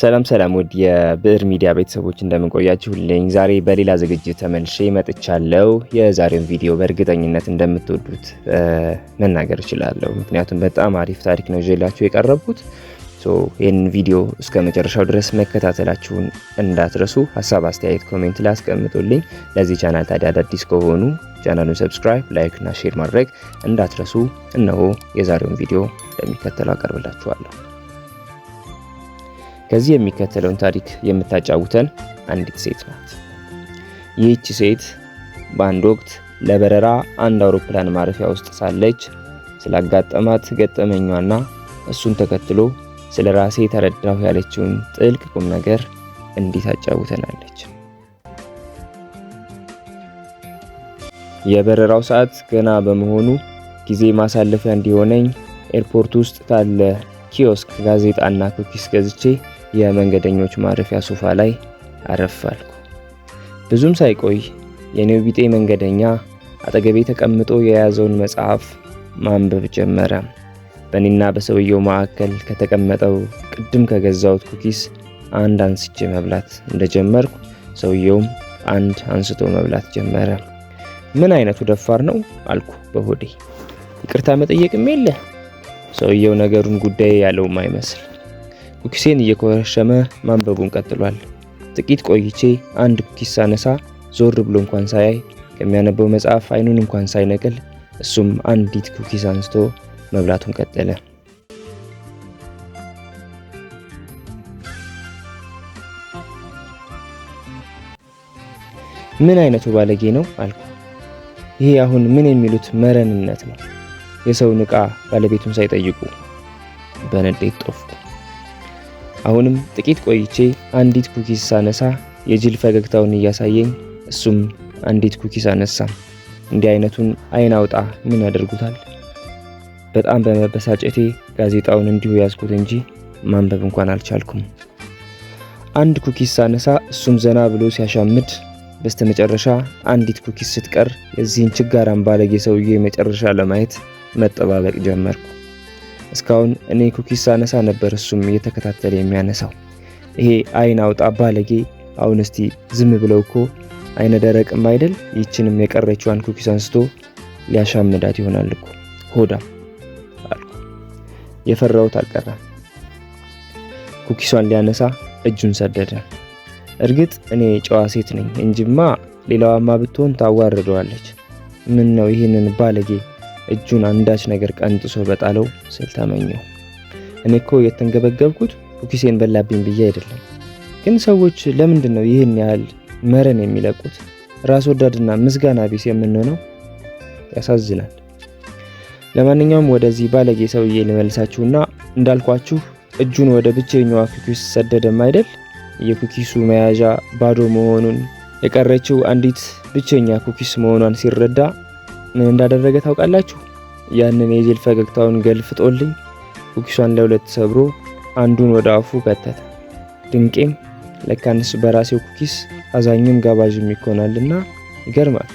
ሰላም ሰላም ውድ የብዕር ሚዲያ ቤተሰቦች እንደምንቆያችሁልኝ፣ ዛሬ በሌላ ዝግጅት ተመልሼ መጥቻለሁ። የዛሬውን ቪዲዮ በእርግጠኝነት እንደምትወዱት መናገር እችላለሁ፣ ምክንያቱም በጣም አሪፍ ታሪክ ነው ይዤላችሁ የቀረብኩት። ይህንን ቪዲዮ እስከ መጨረሻው ድረስ መከታተላችሁን እንዳትረሱ። ሀሳብ አስተያየት ኮሜንት ላይ አስቀምጡልኝ። ለዚህ ቻናል ታዲያ አዳዲስ ከሆኑ ቻናሉን ሰብስክራይብ፣ ላይክ እና ሼር ማድረግ እንዳትረሱ። እነሆ የዛሬውን ቪዲዮ እንደሚከተለው አቀርብላችኋለሁ። ከዚህ የሚከተለውን ታሪክ የምታጫውተን አንዲት ሴት ናት። ይህች ሴት በአንድ ወቅት ለበረራ አንድ አውሮፕላን ማረፊያ ውስጥ ሳለች ስላጋጠማት ገጠመኛና እሱን ተከትሎ ስለ ራሴ ተረዳሁ ያለችውን ጥልቅ ቁም ነገር እንዲህ ታጫውተናለች። የበረራው ሰዓት ገና በመሆኑ ጊዜ ማሳለፊያ እንዲሆነኝ ኤርፖርት ውስጥ ካለ ኪዮስክ ጋዜጣና ኩኪስ ገዝቼ የመንገደኞች ማረፊያ ሶፋ ላይ አረፍ አልኩ። ብዙም ሳይቆይ የኔው ቢጤ መንገደኛ አጠገቤ ተቀምጦ የያዘውን መጽሐፍ ማንበብ ጀመረ። በእኔና በሰውየው መካከል ከተቀመጠው ቅድም ከገዛሁት ኩኪስ አንድ አንስቼ መብላት እንደጀመርኩ ሰውየውም አንድ አንስቶ መብላት ጀመረ። ምን አይነቱ ደፋር ነው አልኩ በሆዴ። ይቅርታ መጠየቅም የለ። ሰውየው ነገሩን ጉዳይ ያለውም አይመስል ኩኪሴን እየኮረሸመ ማንበቡን ቀጥሏል። ጥቂት ቆይቼ አንድ ኩኪስ ሳነሳ ዞር ብሎ እንኳን ሳያይ ከሚያነበው መጽሐፍ አይኑን እንኳን ሳይነቅል እሱም አንዲት ኩኪስ አንስቶ መብላቱን ቀጠለ። ምን አይነቱ ባለጌ ነው አልኩ። ይሄ አሁን ምን የሚሉት መረንነት ነው? የሰውን ዕቃ ባለቤቱን ሳይጠይቁ በንዴት ጦፉ። አሁንም ጥቂት ቆይቼ አንዲት ኩኪስ ሳነሳ የጅል ፈገግታውን እያሳየኝ እሱም አንዲት ኩኪስ አነሳ። እንዲህ አይነቱን አይን አውጣ ምን ያደርጉታል? በጣም በመበሳጨቴ ጋዜጣውን እንዲሁ ያዝኩት እንጂ ማንበብ እንኳን አልቻልኩም። አንድ ኩኪስ ሳነሳ እሱም ዘና ብሎ ሲያሻምድ፣ በስተመጨረሻ አንዲት ኩኪስ ስትቀር የዚህን ችጋራን ባለጌ ሰውዬ መጨረሻ ለማየት መጠባበቅ ጀመርኩ። እስካሁን እኔ ኩኪስ ሳነሳ ነበር፣ እሱም እየተከታተለ የሚያነሳው ይሄ አይን አውጣ ባለጌ። አሁን እስቲ ዝም ብለው እኮ አይነ ደረቅም አይደል? ይችንም የቀረችዋን ኩኪስ አንስቶ ሊያሻምዳት ይሆናል እኮ ሆዳ አልኩ። የፈራሁት አልቀረም። ኩኪሷን ሊያነሳ እጁን ሰደደ። እርግጥ እኔ ጨዋ ሴት ነኝ እንጂማ ሌላዋማ ብትሆን ታዋርደዋለች። ምን ነው ይህንን ባለጌ እጁን አንዳች ነገር ቀንጥሶ በጣለው ስል እኔኮ እኔ እኮ የተንገበገብኩት ኩኪሴን በላብኝ ብዬ አይደለም። ግን ሰዎች ለምንድን ነው ይህን ያህል መረን የሚለቁት? ራስ ወዳድና ምስጋና ቢስ የምንሆነው ያሳዝናል። ለማንኛውም ወደዚህ ባለጌ ሰውዬ ልመልሳችሁና እንዳልኳችሁ እጁን ወደ ብቸኛዋ ኩኪስ ሰደደም አይደል? የኩኪሱ መያዣ ባዶ መሆኑን የቀረችው አንዲት ብቸኛ ኩኪስ መሆኗን ሲረዳ ምን እንዳደረገ ታውቃላችሁ? ያንን የጅል ፈገግታውን ገልፍጦልኝ ኩኪሷን ለሁለት ሰብሮ አንዱን ወደ አፉ ከተተ። ድንቄም ለካንስ በራሴው ኩኪስ አዛኝም ጋባዥም ይኮናልና ይገርማል።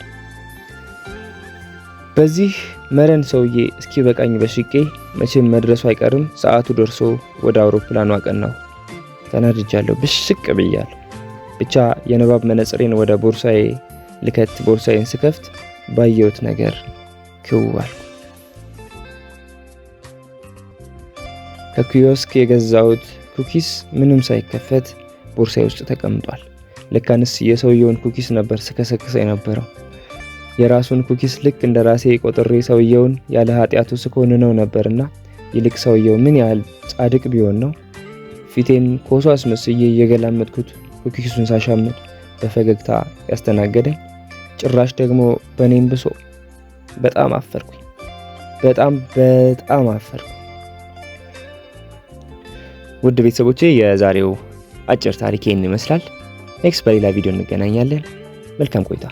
በዚህ መረን ሰውዬ እስኪ በቃኝ በሽቄ መቼም መድረሱ አይቀርም። ሰዓቱ ደርሶ ወደ አውሮፕላኑ አቀናሁ። ተናድጃለሁ፣ ብሽቅ ብያለሁ። ብቻ የንባብ መነጽሬን ወደ ቦርሳዬ ልከት ቦርሳዬን ስከፍት ባየሁት ነገር ክው ከኪዮስክ የገዛሁት ኩኪስ ምንም ሳይከፈት ቦርሳይ ውስጥ ተቀምጧል። ልካንስ የሰውየውን ኩኪስ ነበር ስከሰክሰ የነበረው። የራሱን ኩኪስ ልክ እንደ ራሴ ቆጥሬ ሰውየውን ያለ ኃጢአቱ ነው ነበርና ይልቅ ሰውየው ምን ያህል ጻድቅ ቢሆን ነው። ፊቴን ኮሶ አስመስዬ እየገላመጥኩት ኩኪሱን ሳሻምጥ በፈገግታ ያስተናገደኝ። ጭራሽ ደግሞ በእኔም ብሶ በጣም አፈርኩ። በጣም በጣም አፈርኩ። ውድ ቤተሰቦቼ የዛሬው አጭር ታሪክ ይህን ይመስላል። ኔክስት በሌላ ቪዲዮ እንገናኛለን። መልካም ቆይታ